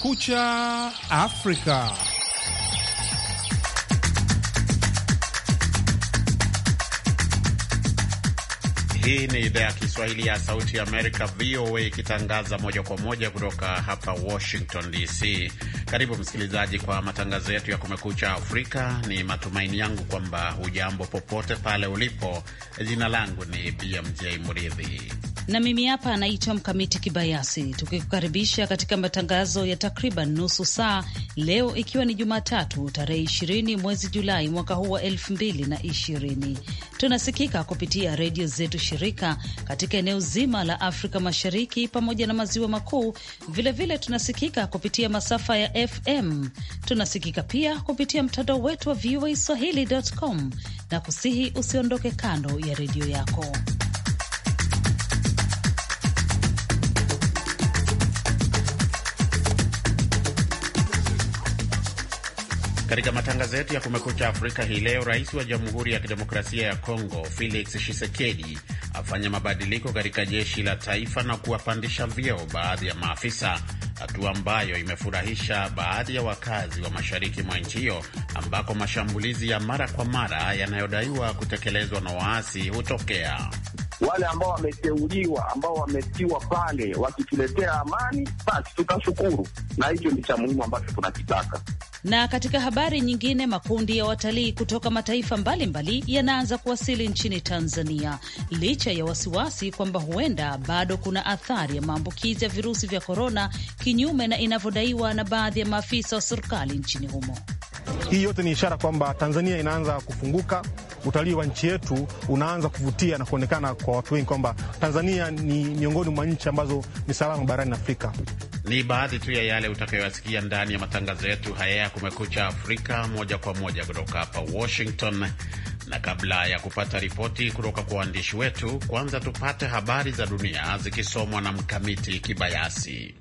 Kumekucha Afrika. Hii ni idhaa ya Kiswahili ya Sauti ya Amerika, VOA, ikitangaza moja kwa moja kutoka hapa Washington DC. Karibu msikilizaji, kwa matangazo yetu ya Kumekucha Afrika. Ni matumaini yangu kwamba hujambo popote pale ulipo. Jina langu ni BMJ Muridhi na mimi hapa anaitwa Mkamiti Kibayasi, tukikukaribisha katika matangazo ya takriban nusu saa leo, ikiwa ni Jumatatu tarehe 20 mwezi Julai mwaka huu wa 2020. Tunasikika kupitia redio zetu shirika katika eneo zima la Afrika Mashariki pamoja na maziwa makuu. Vilevile tunasikika kupitia masafa ya FM. Tunasikika pia kupitia mtandao wetu wa VOA swahili.com, na kusihi usiondoke kando ya redio yako. Katika matangazo yetu ya Kumekucha Afrika hii leo, rais wa Jamhuri ya Kidemokrasia ya Kongo Felix Tshisekedi afanya mabadiliko katika jeshi la taifa na kuwapandisha vyeo baadhi ya maafisa, hatua ambayo imefurahisha baadhi ya wakazi wa mashariki mwa nchi hiyo ambako mashambulizi ya mara kwa mara yanayodaiwa kutekelezwa na waasi hutokea wale ambao wameteuliwa, ambao wametiwa pale, wakituletea amani, basi tutashukuru, na hicho ni cha muhimu ambacho tunakitaka. Na katika habari nyingine, makundi ya watalii kutoka mataifa mbalimbali yanaanza kuwasili nchini Tanzania licha ya wasiwasi kwamba huenda bado kuna athari ya maambukizi ya virusi vya korona, kinyume na inavyodaiwa na baadhi ya maafisa wa serikali nchini humo. Hii yote ni ishara kwamba Tanzania inaanza kufunguka utalii wa nchi yetu unaanza kuvutia na kuonekana kwa watu wengi kwamba Tanzania ni miongoni mwa nchi ambazo ni salama barani Afrika. Ni baadhi tu ya yale utakayoyasikia ndani ya matangazo yetu haya ya Kumekucha Afrika, moja kwa moja kutoka hapa Washington. Na kabla ya kupata ripoti kutoka kwa waandishi wetu, kwanza tupate habari za dunia zikisomwa na Mkamiti Kibayasi.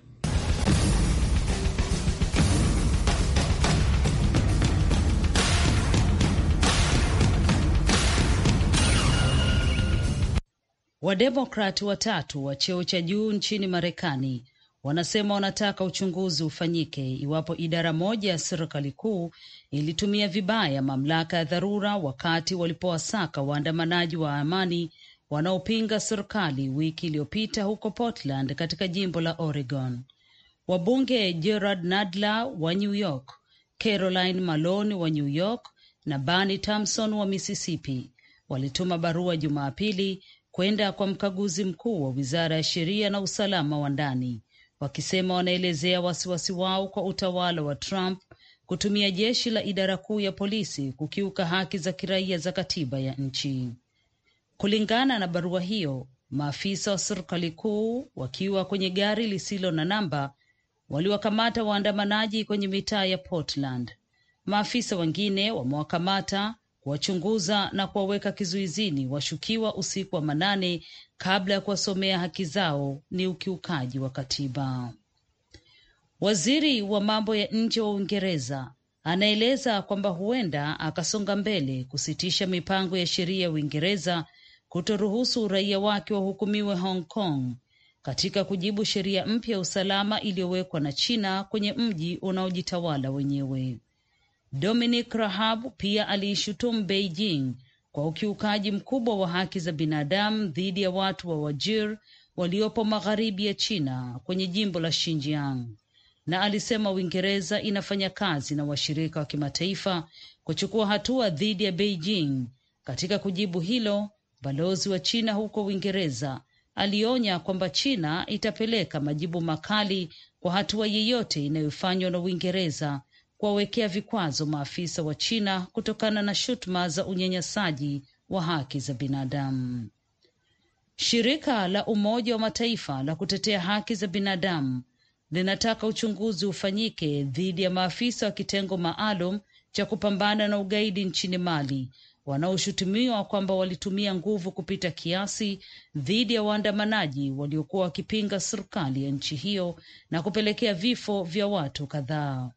Wademokrat watatu wa cheo cha juu nchini Marekani wanasema wanataka uchunguzi ufanyike iwapo idara moja ya serikali kuu ilitumia vibaya mamlaka ya dharura wakati walipowasaka waandamanaji wa amani wanaopinga serikali wiki iliyopita huko Portland katika jimbo la Oregon. Wabunge Gerard Nadler wa New York, Caroline Malone wa New York na Barney Thompson wa Mississippi walituma barua Jumapili kwenda kwa mkaguzi mkuu wa wizara ya sheria na usalama wa ndani, wakisema wanaelezea wasiwasi wao kwa utawala wa Trump kutumia jeshi la idara kuu ya polisi kukiuka haki za kiraia za katiba ya nchi. Kulingana na barua hiyo, maafisa wa serikali kuu wakiwa kwenye gari lisilo na namba waliwakamata waandamanaji kwenye mitaa ya Portland. Maafisa wengine wamewakamata kuwachunguza na kuwaweka kizuizini washukiwa usiku wa manane kabla ya kuwasomea haki zao ni ukiukaji wa katiba. Waziri wa mambo ya nje wa Uingereza anaeleza kwamba huenda akasonga mbele kusitisha mipango ya sheria ya Uingereza kutoruhusu raia wake wahukumiwe Hong Kong katika kujibu sheria mpya ya usalama iliyowekwa na China kwenye mji unaojitawala wenyewe. Dominic Rahab pia aliishutumu Beijing kwa ukiukaji mkubwa wa haki za binadamu dhidi ya watu wa Wajir waliopo magharibi ya China kwenye jimbo la Xinjiang na alisema Uingereza inafanya kazi na washirika wa kimataifa kuchukua hatua dhidi ya Beijing. Katika kujibu hilo, balozi wa China huko Uingereza alionya kwamba China itapeleka majibu makali kwa hatua yeyote inayofanywa na Uingereza kuwawekea vikwazo maafisa wa China kutokana na shutuma za unyanyasaji wa haki za binadamu. Shirika la Umoja wa Mataifa la kutetea haki za binadamu linataka uchunguzi ufanyike dhidi ya maafisa wa kitengo maalum cha kupambana na ugaidi nchini Mali wanaoshutumiwa kwamba walitumia nguvu kupita kiasi dhidi ya waandamanaji waliokuwa wakipinga serikali ya nchi hiyo na kupelekea vifo vya watu kadhaa.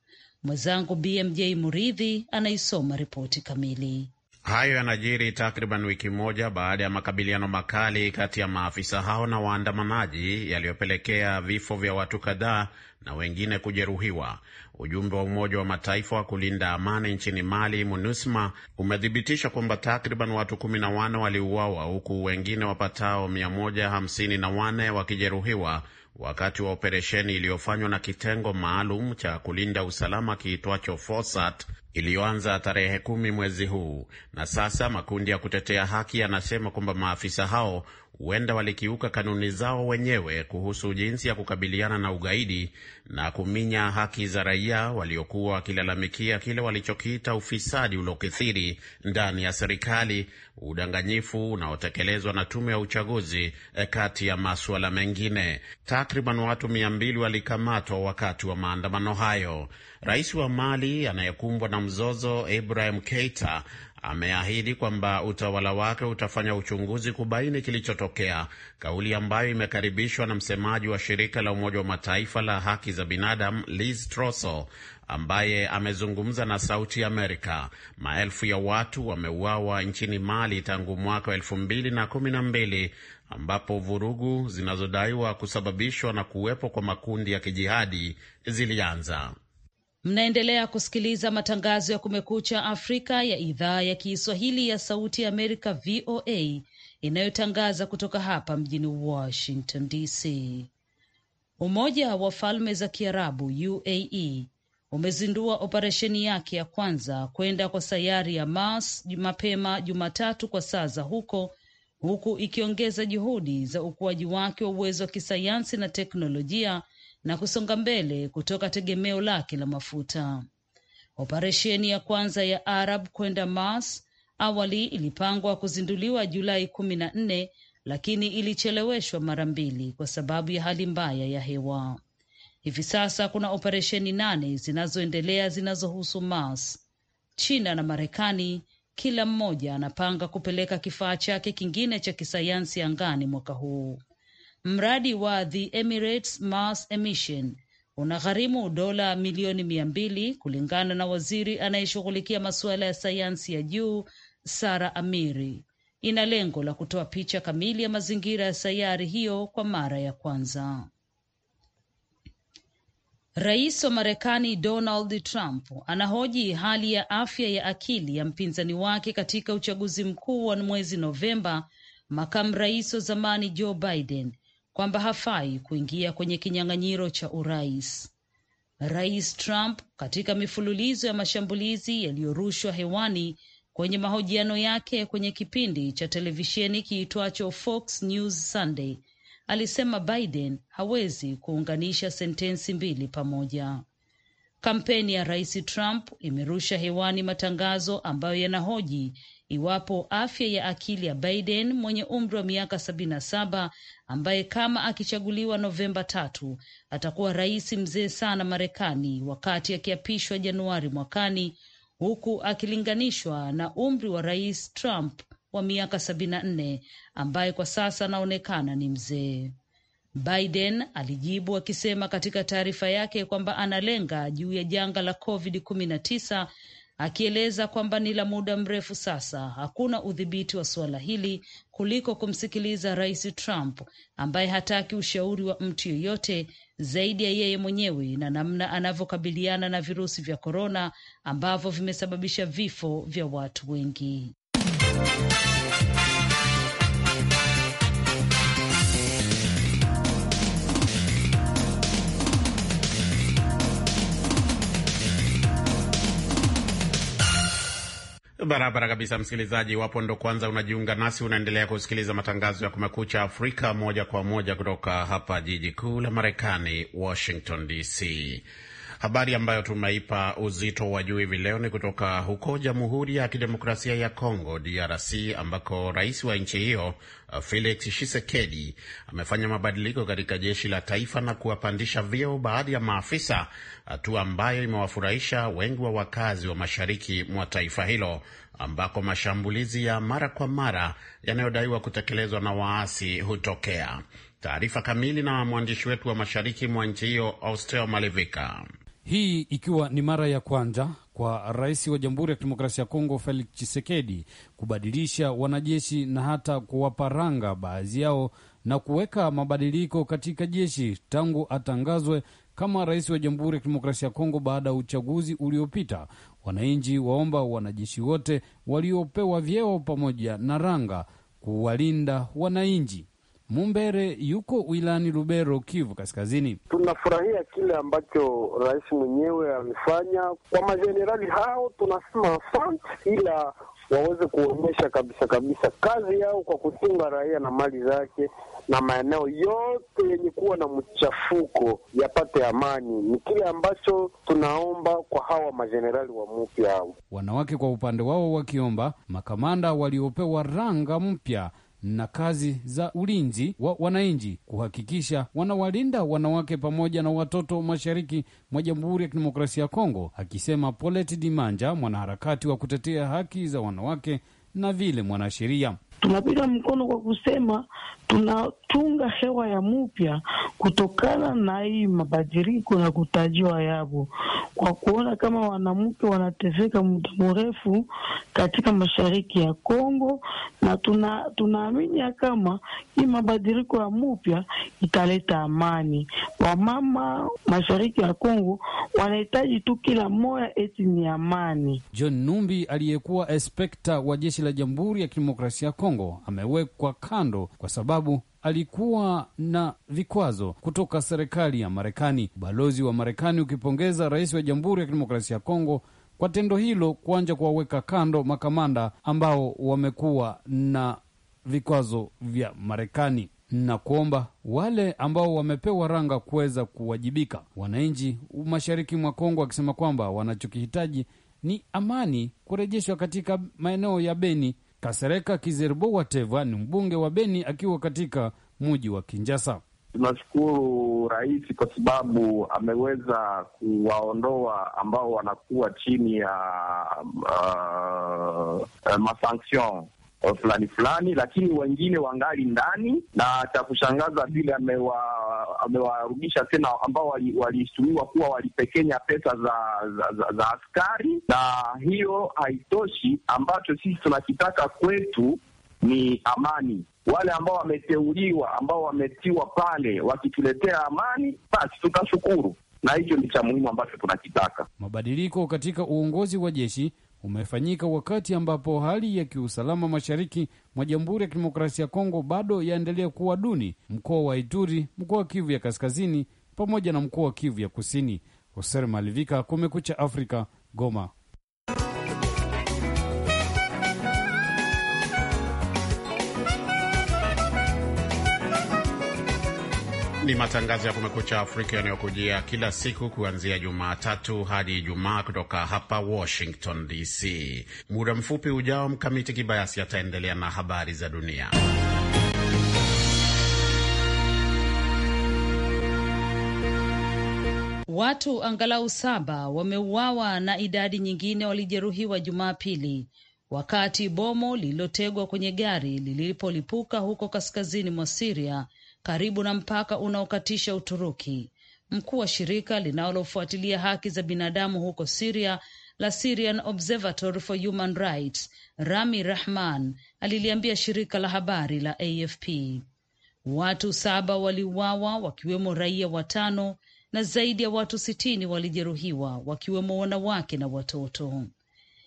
Mwenzangu BMJ Muridhi anaisoma ripoti kamili. Hayo yanajiri takriban wiki moja baada ya makabiliano makali kati ya maafisa hao na waandamanaji yaliyopelekea vifo vya watu kadhaa na wengine kujeruhiwa. Ujumbe wa Umoja wa Mataifa wa kulinda amani nchini Mali, MUNUSMA, umethibitisha kwamba takriban watu wane waliuawa huku wengine wapatao 15wane wakijeruhiwa wakati wa operesheni iliyofanywa na kitengo maalum cha kulinda usalama kiitwacho fosat iliyoanza tarehe kumi mwezi huu. Na sasa makundi ya kutetea haki yanasema kwamba maafisa hao huenda walikiuka kanuni zao wenyewe kuhusu jinsi ya kukabiliana na ugaidi na kuminya haki za raia waliokuwa wakilalamikia kile walichokiita ufisadi uliokithiri ndani ya serikali, udanganyifu unaotekelezwa na tume ya uchaguzi, eh, kati ya masuala mengine. Takriban watu mia mbili walikamatwa wakati wa maandamano hayo. Rais wa Mali anayekumbwa na mzozo Ibrahim Keita ameahidi kwamba utawala wake utafanya uchunguzi kubaini kilichotokea, kauli ambayo imekaribishwa na msemaji wa shirika la Umoja wa Mataifa la haki za binadamu Liz Trosso ambaye amezungumza na Sauti Amerika. Maelfu ya watu wameuawa nchini Mali tangu mwaka wa elfu mbili na kumi na mbili ambapo vurugu zinazodaiwa kusababishwa na kuwepo kwa makundi ya kijihadi zilianza. Mnaendelea kusikiliza matangazo ya Kumekucha Afrika ya idhaa ya Kiswahili ya Sauti ya Amerika, VOA, inayotangaza kutoka hapa mjini Washington DC. Umoja wa Falme za Kiarabu, UAE, umezindua operesheni yake ya kwanza kwenda kwa sayari ya Mars mapema Jumatatu kwa saa za huko, huku ikiongeza juhudi za ukuaji wake wa uwezo wa kisayansi na teknolojia na kusonga mbele kutoka tegemeo lake la mafuta. Operesheni ya kwanza ya Arab kwenda Mars awali ilipangwa kuzinduliwa Julai kumi na nne lakini ilicheleweshwa mara mbili kwa sababu ya hali mbaya ya hewa. Hivi sasa kuna operesheni nane zinazoendelea zinazohusu Mars. China na Marekani kila mmoja anapanga kupeleka kifaa chake kingine cha kisayansi angani mwaka huu. Mradi wa The Emirates Mars Emission unagharimu dola milioni mia mbili kulingana na waziri anayeshughulikia masuala ya sayansi ya juu Sara Amiri. Ina lengo la kutoa picha kamili ya mazingira ya sayari hiyo kwa mara ya kwanza. Rais wa Marekani Donald Trump anahoji hali ya afya ya akili ya mpinzani wake katika uchaguzi mkuu wa mwezi Novemba, makamu rais wa zamani Joe Biden kwamba hafai kuingia kwenye kinyang'anyiro cha urais. Rais Trump katika mifululizo ya mashambulizi yaliyorushwa hewani kwenye mahojiano yake kwenye kipindi cha televisheni kiitwacho Fox News Sunday alisema Biden hawezi kuunganisha sentensi mbili pamoja. Kampeni ya Rais Trump imerusha hewani matangazo ambayo yanahoji iwapo afya ya akili ya Biden mwenye umri wa miaka sabini na saba ambaye kama akichaguliwa Novemba tatu atakuwa rais mzee sana Marekani wakati akiapishwa Januari mwakani, huku akilinganishwa na umri wa rais Trump wa miaka sabini na nne ambaye kwa sasa anaonekana ni mzee. Biden alijibu akisema katika taarifa yake kwamba analenga juu ya janga la COVID-19 akieleza kwamba ni la muda mrefu sasa hakuna udhibiti wa suala hili kuliko kumsikiliza Rais Trump ambaye hataki ushauri wa mtu yeyote zaidi ya yeye mwenyewe na namna anavyokabiliana na virusi vya korona ambavyo vimesababisha vifo vya watu wengi. Barabara kabisa, msikilizaji. Iwapo ndo kwanza unajiunga nasi, unaendelea kusikiliza matangazo ya Kumekucha Afrika moja kwa moja kutoka hapa jiji kuu la Marekani, Washington DC. Habari ambayo tumeipa uzito wa juu hivi leo ni kutoka huko Jamhuri ya Kidemokrasia ya Kongo, DRC, ambako rais wa nchi hiyo Felix Tshisekedi amefanya mabadiliko katika jeshi la taifa na kuwapandisha vyeo baadhi ya maafisa, hatua ambayo imewafurahisha wengi wa wakazi wa mashariki mwa taifa hilo ambako mashambulizi ya mara kwa mara yanayodaiwa kutekelezwa na waasi hutokea. Taarifa kamili na mwandishi wetu wa mashariki mwa nchi hiyo Austel Malivika hii ikiwa ni mara ya kwanza kwa rais wa Jamhuri ya Kidemokrasia ya Kongo Felix Tshisekedi kubadilisha wanajeshi na hata kuwapa ranga baadhi yao na kuweka mabadiliko katika jeshi tangu atangazwe kama rais wa Jamhuri ya Kidemokrasia ya Kongo baada ya uchaguzi uliopita. Wananchi waomba wanajeshi wote waliopewa vyeo pamoja na ranga kuwalinda wananchi. Mumbere yuko wilani Lubero, Kivu Kaskazini. Tunafurahia kile ambacho rais mwenyewe amefanya kwa majenerali hao, tunasema asante, ila waweze kuonyesha kabisa kabisa kazi yao kwa kuchunga raia na mali zake, na maeneo yote yenye kuwa na mchafuko yapate amani. Ni kile ambacho tunaomba kwa hawa majenerali wa mupya hao. Wanawake kwa upande wao wakiomba makamanda waliopewa ranga mpya na kazi za ulinzi wa wananchi kuhakikisha wanawalinda wanawake pamoja na watoto mashariki mwa Jamhuri ya Kidemokrasia ya Kongo, akisema Polet Dimanja, mwanaharakati wa kutetea haki za wanawake na vile mwanasheria tunapiga mkono kwa kusema tunatunga hewa ya mupya kutokana na hii mabadiliko na kutajiwa yavo, kwa kuona kama wanamke wanateseka muda mrefu katika mashariki ya Kongo, na tuna tunaamini ya kama hii mabadiliko ya mupya italeta amani. Wamama mashariki ya Kongo wanahitaji tu kila moya, eti ni amani. John Numbi aliyekuwa inspekta wa jeshi la Jamhuri ya Kidemokrasia ya Kongo Kongo amewekwa kando kwa sababu alikuwa na vikwazo kutoka serikali ya Marekani. Ubalozi wa Marekani ukipongeza rais wa Jamhuri ya Kidemokrasia ya Kongo kwa tendo hilo, kuanja kuwaweka kando makamanda ambao wamekuwa na vikwazo vya Marekani na kuomba wale ambao wamepewa ranga kuweza kuwajibika. Wananchi mashariki mwa Kongo wakisema kwamba wanachokihitaji ni amani kurejeshwa katika maeneo ya Beni Kasereka Kizerbo Wateva ni mbunge wa Beni akiwa katika muji wa Kinjasa. Tunashukuru rais kwa sababu ameweza kuwaondoa ambao wanakuwa chini ya uh, uh, masanction Eh, fulani fulani, lakini wengine wangali ndani, na cha kushangaza vile amewarudisha tena ambao walishtumiwa wali kuwa walipekenya pesa za, za, za, za askari. Na hiyo haitoshi, ambacho sisi tunakitaka kwetu ni amani. Wale ambao wameteuliwa, ambao wametiwa pale, wakituletea amani, basi tutashukuru, na hicho ni cha muhimu ambacho tunakitaka. Mabadiliko katika uongozi wa jeshi umefanyika wakati ambapo hali ya kiusalama mashariki mwa Jamhuri ya Kidemokrasia ya Kongo bado yaendelea kuwa duni, mkoa wa Ituri, mkoa wa Kivu ya Kaskazini pamoja na mkoa wa Kivu ya Kusini. Hoser Malivika, Kumekucha Afrika, Goma. Ni matangazo ya Kumekucha Afrika yanayokujia kila siku kuanzia Jumatatu hadi Ijumaa kutoka hapa Washington DC. Muda mfupi ujao, Mkamiti Kibayasi ataendelea na habari za dunia. Watu angalau saba wameuawa na idadi nyingine walijeruhiwa Jumapili wakati bomo lililotegwa kwenye gari lilipolipuka huko kaskazini mwa Siria karibu na mpaka unaokatisha Uturuki. Mkuu wa shirika linalofuatilia haki za binadamu huko Siria la Syrian Observatory for Human Rights, Rami Rahman aliliambia shirika la habari la AFP watu saba waliuawa wakiwemo raia watano na zaidi ya watu sitini walijeruhiwa wakiwemo wanawake na watoto.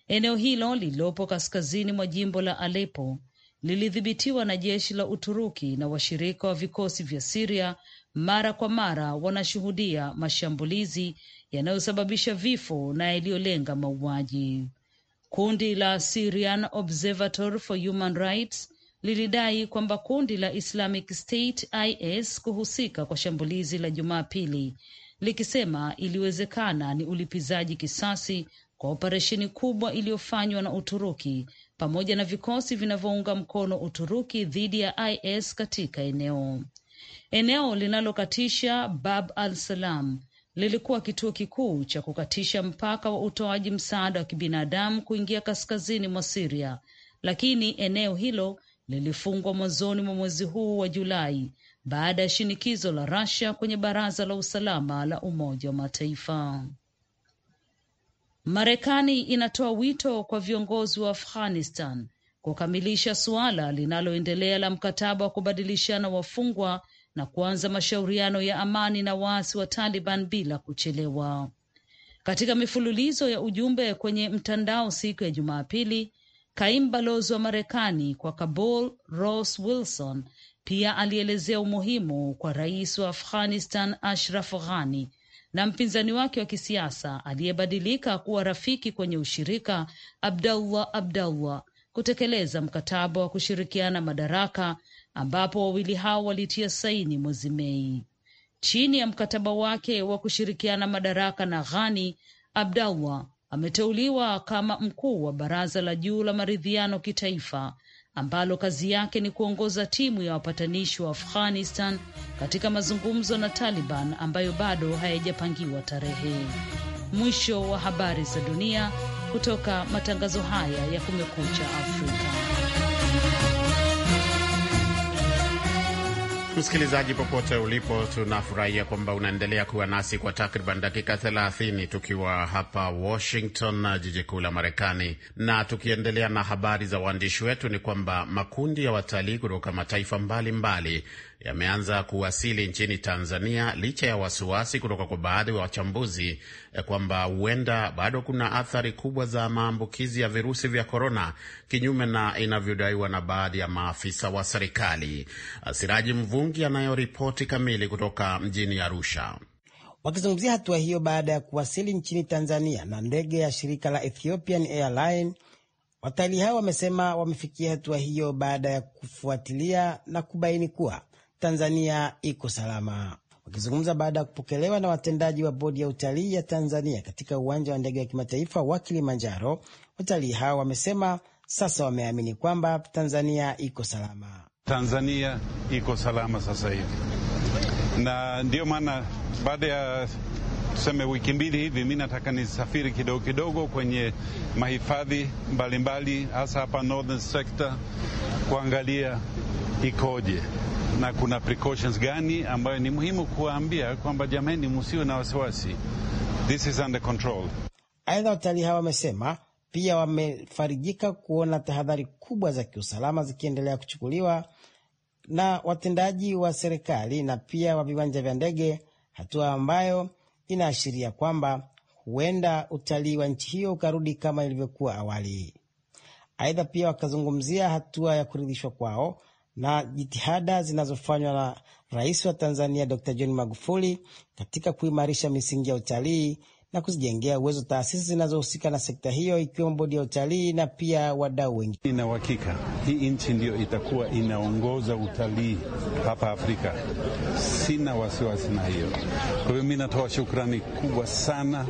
Eneo hilo lililopo kaskazini mwa jimbo la Aleppo lilidhibitiwa na jeshi la Uturuki na washirika wa vikosi vya Siria mara kwa mara wanashuhudia mashambulizi yanayosababisha vifo na yaliyolenga mauaji. Kundi la Syrian Observatory for Human Rights lilidai kwamba kundi la Islamic State IS kuhusika kwa shambulizi la Jumapili, likisema iliwezekana ni ulipizaji kisasi kwa operesheni kubwa iliyofanywa na Uturuki pamoja na vikosi vinavyounga mkono Uturuki dhidi ya IS katika eneo. Eneo linalokatisha Bab al Salam lilikuwa kituo kikuu cha kukatisha mpaka wa utoaji msaada wa kibinadamu kuingia kaskazini mwa Siria, lakini eneo hilo lilifungwa mwanzoni mwa mwezi huu wa Julai baada ya shinikizo la rasia kwenye Baraza la Usalama la Umoja wa Mataifa. Marekani inatoa wito kwa viongozi wa Afghanistan kukamilisha suala linaloendelea la mkataba wa kubadilishana wafungwa na kuanza mashauriano ya amani na waasi wa Taliban bila kuchelewa. Katika mifululizo ya ujumbe kwenye mtandao siku ya Jumapili, kaimu balozi wa Marekani kwa Kabul Ross Wilson pia alielezea umuhimu kwa rais wa Afghanistan Ashraf Ghani na mpinzani wake wa kisiasa aliyebadilika kuwa rafiki kwenye ushirika Abdallah Abdallah kutekeleza mkataba wa kushirikiana madaraka ambapo wawili hao walitia saini mwezi Mei. Chini ya mkataba wake wa kushirikiana madaraka na Ghani, Abdallah ameteuliwa kama mkuu wa baraza la juu la maridhiano kitaifa ambalo kazi yake ni kuongoza timu ya wapatanishi wa Afghanistan katika mazungumzo na Taliban ambayo bado hayajapangiwa tarehe. Mwisho wa habari za dunia kutoka matangazo haya ya Kumekucha Afrika. Msikilizaji popote ulipo, tunafurahia kwamba unaendelea kuwa nasi kwa takriban dakika 30 tukiwa hapa Washington, jiji kuu la Marekani, na tukiendelea na habari za waandishi wetu, ni kwamba makundi ya watalii kutoka mataifa mbalimbali yameanza kuwasili nchini Tanzania licha ya wasiwasi kutoka kwa baadhi ya wachambuzi eh, kwamba huenda bado kuna athari kubwa za maambukizi ya virusi vya korona, kinyume na inavyodaiwa na baadhi ya maafisa wa serikali. Ah, Siraji Mvungi anayoripoti kamili kutoka mjini Arusha. Wakizungumzia hatua hiyo baada ya kuwasili nchini Tanzania na ndege ya shirika la Ethiopian Airline, watalii hao wamesema wamefikia hatua hiyo baada ya kufuatilia na kubaini kuwa Tanzania iko salama. Wakizungumza baada ya kupokelewa na watendaji wa bodi ya utalii ya Tanzania katika uwanja wa ndege wa kimataifa wa Kilimanjaro, watalii hao wamesema sasa wameamini kwamba Tanzania iko salama. Tanzania iko salama sasa hivi, na ndiyo maana baada ya tuseme wiki mbili hivi, mi nataka nisafiri kidogo kidogo kwenye mahifadhi mbalimbali, hasa hapa northern sector kuangalia ikoje na kuna precautions gani ambayo ni muhimu kuwaambia kwamba jamani, msiwe na wasiwasi, this is under control. Aidha, watalii hawa wamesema pia wamefarijika kuona tahadhari kubwa za kiusalama zikiendelea kuchukuliwa na watendaji wa serikali na pia wa viwanja vya ndege, hatua ambayo inaashiria kwamba huenda utalii wa nchi hiyo ukarudi kama ilivyokuwa awali. Aidha, pia wakazungumzia hatua ya kuridhishwa kwao na jitihada zinazofanywa na Rais wa Tanzania Dr. John Magufuli katika kuimarisha misingi ya utalii na kuzijengea uwezo taasisi zinazohusika na sekta hiyo ikiwemo bodi ya utalii na pia wadau wengine. Ina uhakika hii nchi ndiyo itakuwa inaongoza utalii hapa Afrika, sina wasiwasi na hiyo. Kwa hiyo mi natoa shukrani kubwa sana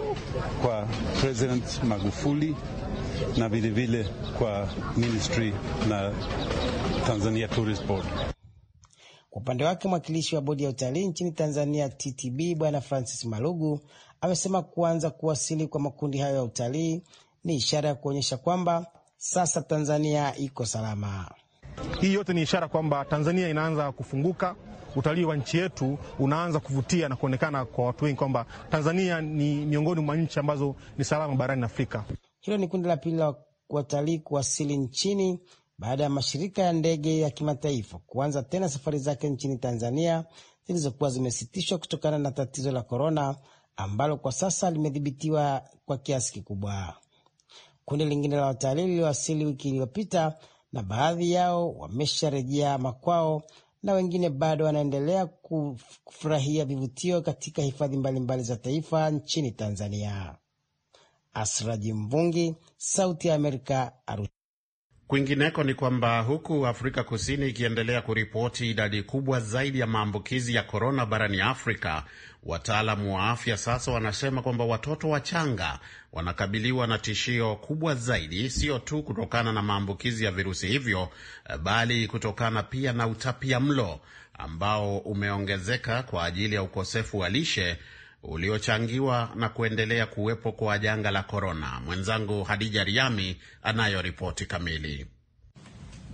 kwa President Magufuli na vilevile kwa ministry na Tanzania Tourist Board. Kwa upande wake mwakilishi wa bodi ya utalii nchini Tanzania TTB Bwana Francis Malugu amesema kuanza kuwasili kwa makundi hayo ya utalii ni ishara ya kuonyesha kwamba sasa Tanzania iko salama. Hii yote ni ishara kwamba Tanzania inaanza kufunguka, utalii wa nchi yetu unaanza kuvutia na kuonekana kwa watu wengi kwamba Tanzania ni miongoni mwa nchi ambazo ni salama barani Afrika. Hilo ni kundi la pili la watalii kuwasili nchini baada ya mashirika ya ndege ya kimataifa kuanza tena safari zake nchini Tanzania zilizokuwa zimesitishwa kutokana na tatizo la korona ambalo kwa sasa limedhibitiwa kwa kiasi kikubwa. Kundi lingine la watalii liliwasili wiki iliyopita na baadhi yao wamesharejea makwao na wengine bado wanaendelea kufurahia vivutio katika hifadhi mbalimbali za taifa nchini Tanzania. Asraji Mvungi, Sauti ya Amerika, Arusha. Kwingineko ni kwamba huku Afrika Kusini ikiendelea kuripoti idadi kubwa zaidi ya maambukizi ya korona barani Afrika, wataalamu wa afya sasa wanasema kwamba watoto wachanga wanakabiliwa na tishio kubwa zaidi, sio tu kutokana na maambukizi ya virusi hivyo, bali kutokana pia na utapia mlo ambao umeongezeka kwa ajili ya ukosefu wa lishe uliochangiwa na kuendelea kuwepo kwa janga la korona. Mwenzangu Hadija Riami anayo ripoti kamili.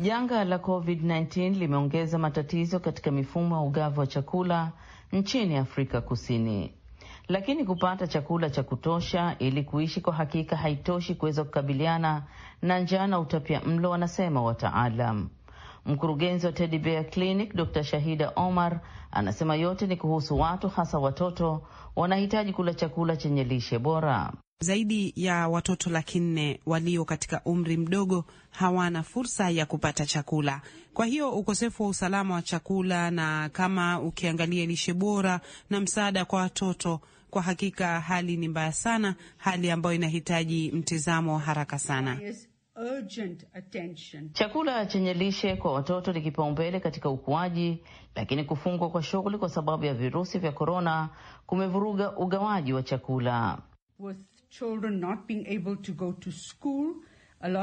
Janga la COVID-19 limeongeza matatizo katika mifumo ya ugavi wa chakula nchini Afrika Kusini, lakini kupata chakula cha kutosha ili kuishi kwa hakika haitoshi kuweza kukabiliana na njaa na utapia mlo, wanasema wataalam. Mkurugenzi wa Teddy Bear Clinic Dr. Shahida Omar anasema yote ni kuhusu watu, hasa watoto wanahitaji kula chakula chenye lishe bora. Zaidi ya watoto laki nne walio katika umri mdogo hawana fursa ya kupata chakula. Kwa hiyo ukosefu wa usalama wa chakula, na kama ukiangalia lishe bora na msaada kwa watoto, kwa hakika hali ni mbaya sana, hali ambayo inahitaji mtizamo wa haraka sana. Yes urgent attention. Chakula chenye lishe kwa watoto ni kipaumbele katika ukuaji, lakini kufungwa kwa shughuli kwa sababu ya virusi vya korona kumevuruga ugawaji wa chakula. With children not being able to go to school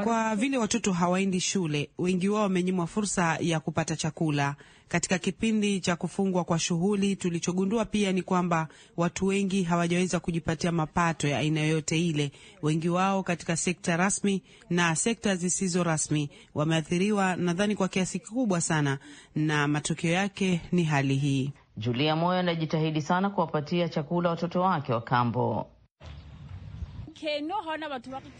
kwa vile watoto hawaendi shule, wengi wao wamenyimwa fursa ya kupata chakula katika kipindi cha kufungwa kwa shughuli. Tulichogundua pia ni kwamba watu wengi hawajaweza kujipatia mapato ya aina yoyote ile. Wengi wao katika sekta rasmi na sekta zisizo rasmi wameathiriwa, nadhani kwa kiasi kikubwa sana, na matokeo yake ni hali hii. Julia Moyo anajitahidi sana kuwapatia chakula watoto wake wa kambo.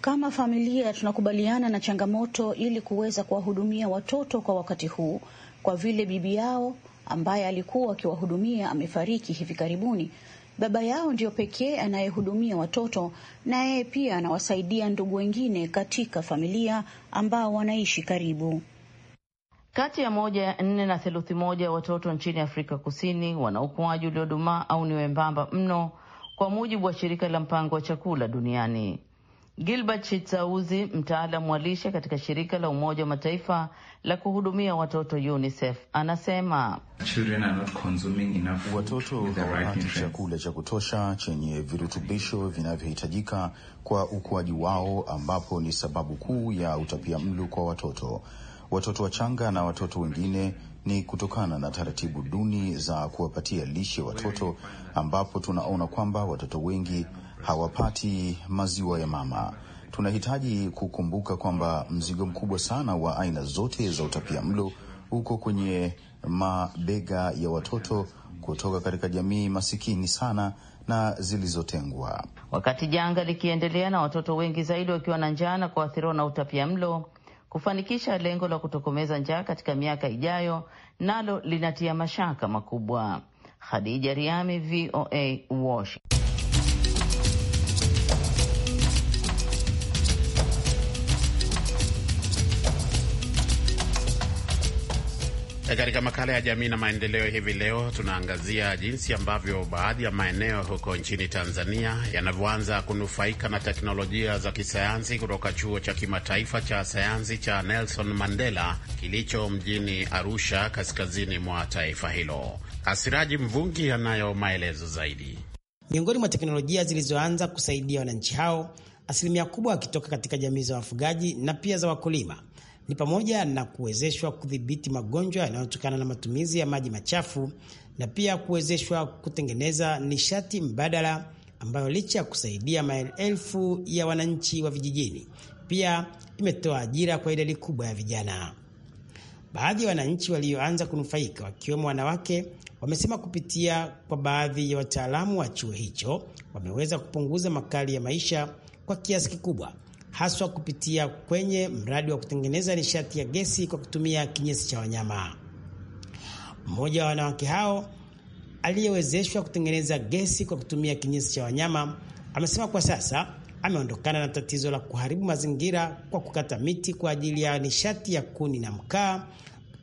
Kama familia tunakubaliana na changamoto ili kuweza kuwahudumia watoto kwa wakati huu, kwa vile bibi yao ambaye alikuwa akiwahudumia amefariki hivi karibuni. Baba yao ndiyo pekee anayehudumia watoto, na yeye pia anawasaidia ndugu wengine katika familia ambao wanaishi karibu. Kati ya moja ya nne na theluthi moja ya watoto nchini Afrika Kusini wana ukuaji uliodumaa au ni wembamba mno kwa mujibu wa shirika la mpango wa chakula duniani. Gilbert Chitsauzi, mtaalamu wa lishe katika shirika la Umoja wa Mataifa la kuhudumia watoto UNICEF, anasema watoto hawapati right chakula cha kutosha chenye virutubisho vinavyohitajika kwa ukuaji wao, ambapo ni sababu kuu ya utapia mlo kwa watoto, watoto wachanga na watoto wengine ni kutokana na taratibu duni za kuwapatia lishe watoto, ambapo tunaona kwamba watoto wengi hawapati maziwa ya mama. Tunahitaji kukumbuka kwamba mzigo mkubwa sana wa aina zote za utapia mlo uko kwenye mabega ya watoto kutoka katika jamii masikini sana na zilizotengwa. Wakati janga likiendelea na watoto wengi zaidi wakiwa na njaa na kuathiriwa na utapia mlo, kufanikisha lengo la kutokomeza njaa katika miaka ijayo nalo linatia mashaka makubwa. Khadija Riami, VOA, Washington. Eh, katika makala ya jamii na maendeleo hivi leo tunaangazia jinsi ambavyo baadhi ya maeneo huko nchini Tanzania yanavyoanza kunufaika na teknolojia za kisayansi kutoka chuo cha kimataifa cha sayansi cha Nelson Mandela kilicho mjini Arusha, kaskazini mwa taifa hilo. Asiraji Mvungi anayo maelezo zaidi. Miongoni mwa teknolojia zilizoanza kusaidia wananchi hao, asilimia kubwa wakitoka katika jamii za wafugaji na pia za wakulima ni pamoja na kuwezeshwa kudhibiti magonjwa yanayotokana na matumizi ya maji machafu na pia kuwezeshwa kutengeneza nishati mbadala ambayo licha ya kusaidia maelfu ya wananchi wa vijijini, pia imetoa ajira kwa idadi kubwa ya vijana. Baadhi ya wananchi walioanza kunufaika wakiwemo wanawake wamesema kupitia kwa baadhi ya wataalamu wa chuo hicho wameweza kupunguza makali ya maisha kwa kiasi kikubwa haswa kupitia kwenye mradi wa kutengeneza nishati ya gesi kwa kutumia kinyesi cha wanyama. Mmoja wa wanawake hao aliyewezeshwa kutengeneza gesi kwa kutumia kinyesi cha wanyama amesema kwa sasa ameondokana na tatizo la kuharibu mazingira kwa kukata miti kwa ajili ya nishati ya kuni na mkaa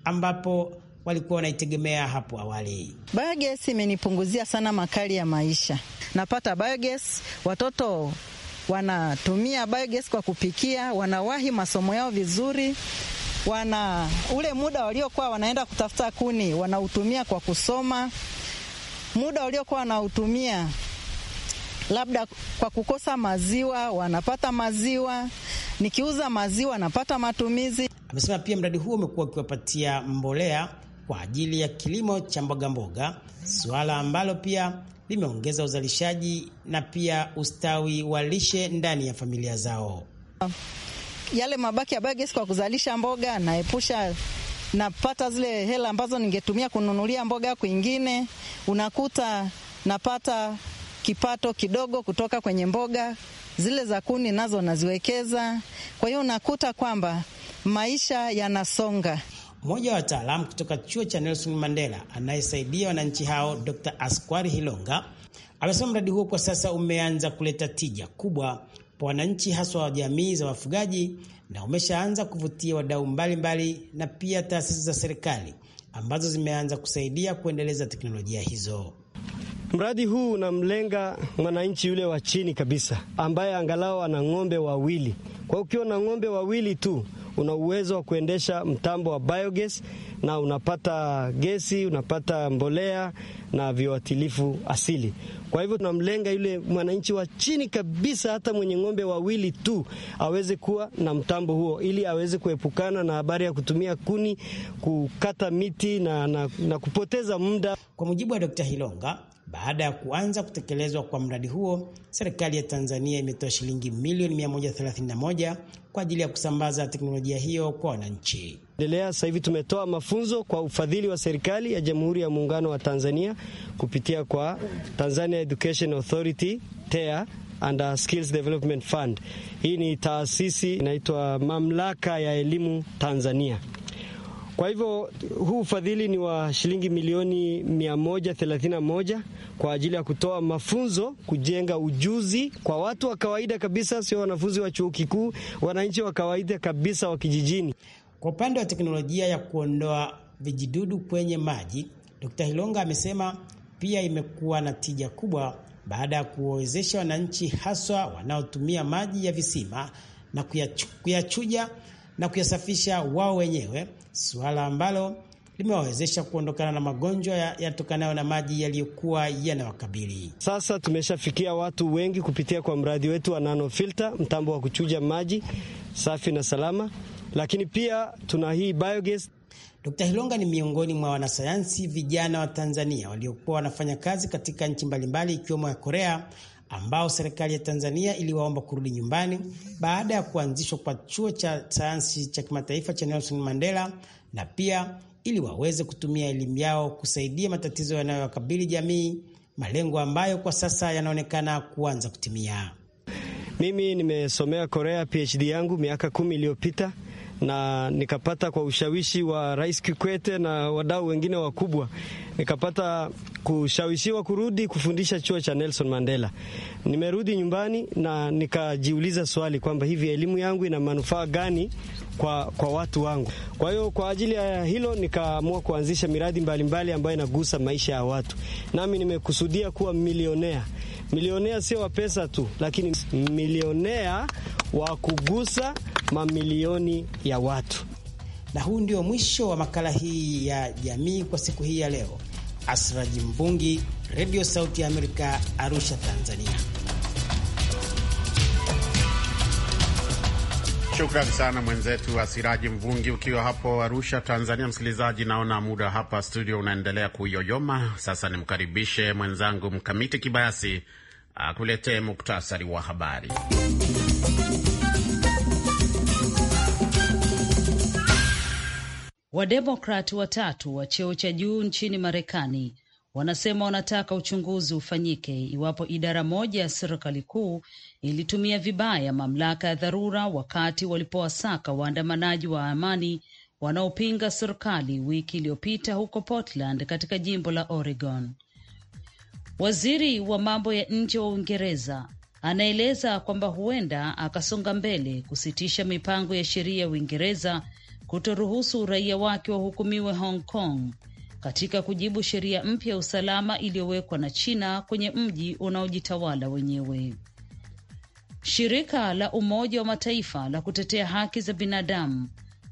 ambapo walikuwa wanaitegemea hapo awali. Biogas imenipunguzia sana makali ya maisha. Napata biogas, watoto wanatumia biogas kwa kupikia, wanawahi masomo yao vizuri, wana ule muda waliokuwa wanaenda kutafuta kuni wanautumia kwa kusoma, muda waliokuwa wanautumia labda kwa kukosa maziwa wanapata maziwa, nikiuza maziwa napata matumizi. Amesema pia mradi huo umekuwa ukiwapatia mbolea kwa ajili ya kilimo cha mbogamboga, suala ambalo pia limeongeza uzalishaji na pia ustawi wa lishe ndani ya familia zao. Yale mabaki ya bagesi kwa kuzalisha mboga naepusha napata zile hela ambazo ningetumia kununulia mboga kwingine, unakuta napata kipato kidogo kutoka kwenye mboga zile za kuni, nazo naziwekeza. Kwa hiyo unakuta kwamba maisha yanasonga. Mmoja wa wataalamu kutoka chuo cha Nelson Mandela anayesaidia wananchi hao, Dr. Askwari Hilonga, amesema mradi huo kwa sasa umeanza kuleta tija kubwa kwa wananchi haswa wa jamii za wafugaji na umeshaanza kuvutia wadau mbalimbali na pia taasisi za serikali ambazo zimeanza kusaidia kuendeleza teknolojia hizo. Mradi huu unamlenga mwananchi yule wa chini kabisa ambaye angalau ana ng'ombe wawili. Kwa ukiwa na ng'ombe wawili tu una uwezo wa kuendesha mtambo wa biogas na unapata gesi, unapata mbolea na viuatilifu asili. Kwa hivyo tunamlenga yule mwananchi wa chini kabisa, hata mwenye ng'ombe wawili tu aweze kuwa na mtambo huo, ili aweze kuepukana na habari ya kutumia kuni, kukata miti na, na, na kupoteza muda. Kwa mujibu wa Dkt. Hilonga baada ya kuanza kutekelezwa kwa mradi huo, serikali ya Tanzania imetoa shilingi milioni 131 kwa ajili ya kusambaza teknolojia hiyo kwa wananchi. Endelea sasa hivi tumetoa mafunzo kwa ufadhili wa serikali ya Jamhuri ya Muungano wa Tanzania kupitia kwa Tanzania Education Authority TEA and Skills Development Fund. Hii ni taasisi inaitwa Mamlaka ya Elimu Tanzania. Kwa hivyo huu ufadhili ni wa shilingi milioni 131 kwa ajili ya kutoa mafunzo, kujenga ujuzi kwa watu wa kawaida kabisa, sio wanafunzi wa chuo kikuu, wananchi wa kawaida kabisa wa kijijini. Kwa upande wa teknolojia ya kuondoa vijidudu kwenye maji, Dkt. Hilonga amesema pia imekuwa na tija kubwa baada ya kuwawezesha wananchi haswa wanaotumia maji ya visima na kuyachuja na kuyasafisha wao wenyewe suala ambalo limewawezesha kuondokana na magonjwa yatokanayo na maji yaliyokuwa yanawakabili. Sasa tumeshafikia watu wengi kupitia kwa mradi wetu wa Nano Filter, mtambo wa kuchuja maji safi na salama, lakini pia tuna hii biogas. Dkt. Hilonga ni miongoni mwa wanasayansi vijana wa Tanzania waliokuwa wanafanya kazi katika nchi mbalimbali ikiwemo ya Korea ambao serikali ya Tanzania iliwaomba kurudi nyumbani baada ya kuanzishwa kwa chuo cha sayansi cha kimataifa cha Nelson Mandela na pia ili waweze kutumia elimu yao kusaidia matatizo yanayowakabili jamii, malengo ambayo kwa sasa yanaonekana kuanza kutimia. Mimi nimesomea Korea PhD yangu miaka kumi iliyopita na nikapata kwa ushawishi wa Rais Kikwete na wadau wengine wakubwa, nikapata kushawishiwa kurudi kufundisha chuo cha Nelson Mandela. Nimerudi nyumbani na nikajiuliza swali kwamba hivi elimu yangu ina manufaa gani kwa, kwa watu wangu. Kwa hiyo kwa ajili ya hilo nikaamua kuanzisha miradi mbalimbali mbali ambayo inagusa maisha ya watu, nami nimekusudia kuwa milionea. Milionea sio wa pesa tu, lakini milionea wa kugusa mamilioni ya watu. Na huu ndio mwisho wa makala hii ya jamii kwa siku hii ya leo. Asraji Mbungi, redio Sauti ya Amerika, Arusha, Tanzania. Shukran sana mwenzetu Asiraji Mvungi, ukiwa hapo Arusha, Tanzania. Msikilizaji, naona muda hapa studio unaendelea kuyoyoma. Sasa nimkaribishe mwenzangu Mkamiti Kibayasi akuletee muktasari wa habari. Wademokrat watatu wa cheo cha juu nchini Marekani wanasema wanataka uchunguzi ufanyike iwapo idara moja ya serikali kuu ilitumia vibaya mamlaka ya dharura wakati walipowasaka waandamanaji wa amani wanaopinga serikali wiki iliyopita huko Portland katika jimbo la Oregon. Waziri wa mambo ya nje wa Uingereza anaeleza kwamba huenda akasonga mbele kusitisha mipango ya sheria ya Uingereza kutoruhusu raia wake wahukumiwe Hong Kong katika kujibu sheria mpya ya usalama iliyowekwa na China kwenye mji unaojitawala wenyewe. Shirika la Umoja wa Mataifa la kutetea haki za binadamu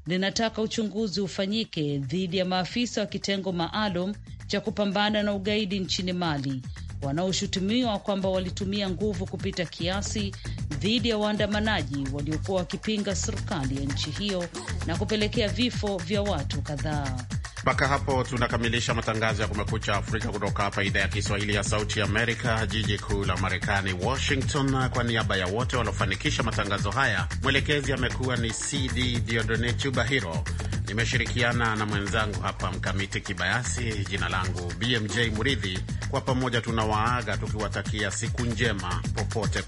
linataka uchunguzi ufanyike dhidi ya maafisa wa kitengo maalum cha kupambana na ugaidi nchini Mali wanaoshutumiwa kwamba walitumia nguvu kupita kiasi dhidi ya waandamanaji waliokuwa wakipinga serikali ya nchi hiyo na kupelekea vifo vya watu kadhaa. Mpaka hapo tunakamilisha matangazo ya Kumekucha Afrika kutoka hapa idhaa ya Kiswahili ya Sauti Amerika, jiji kuu la Marekani, Washington. Kwa niaba ya wote waliofanikisha matangazo haya, mwelekezi amekuwa ni CD Diodone Chubahiro. nimeshirikiana na mwenzangu hapa Mkamiti Kibayasi. Jina langu BMJ Muridhi. Kwa pamoja tunawaaga tukiwatakia siku njema popote pale.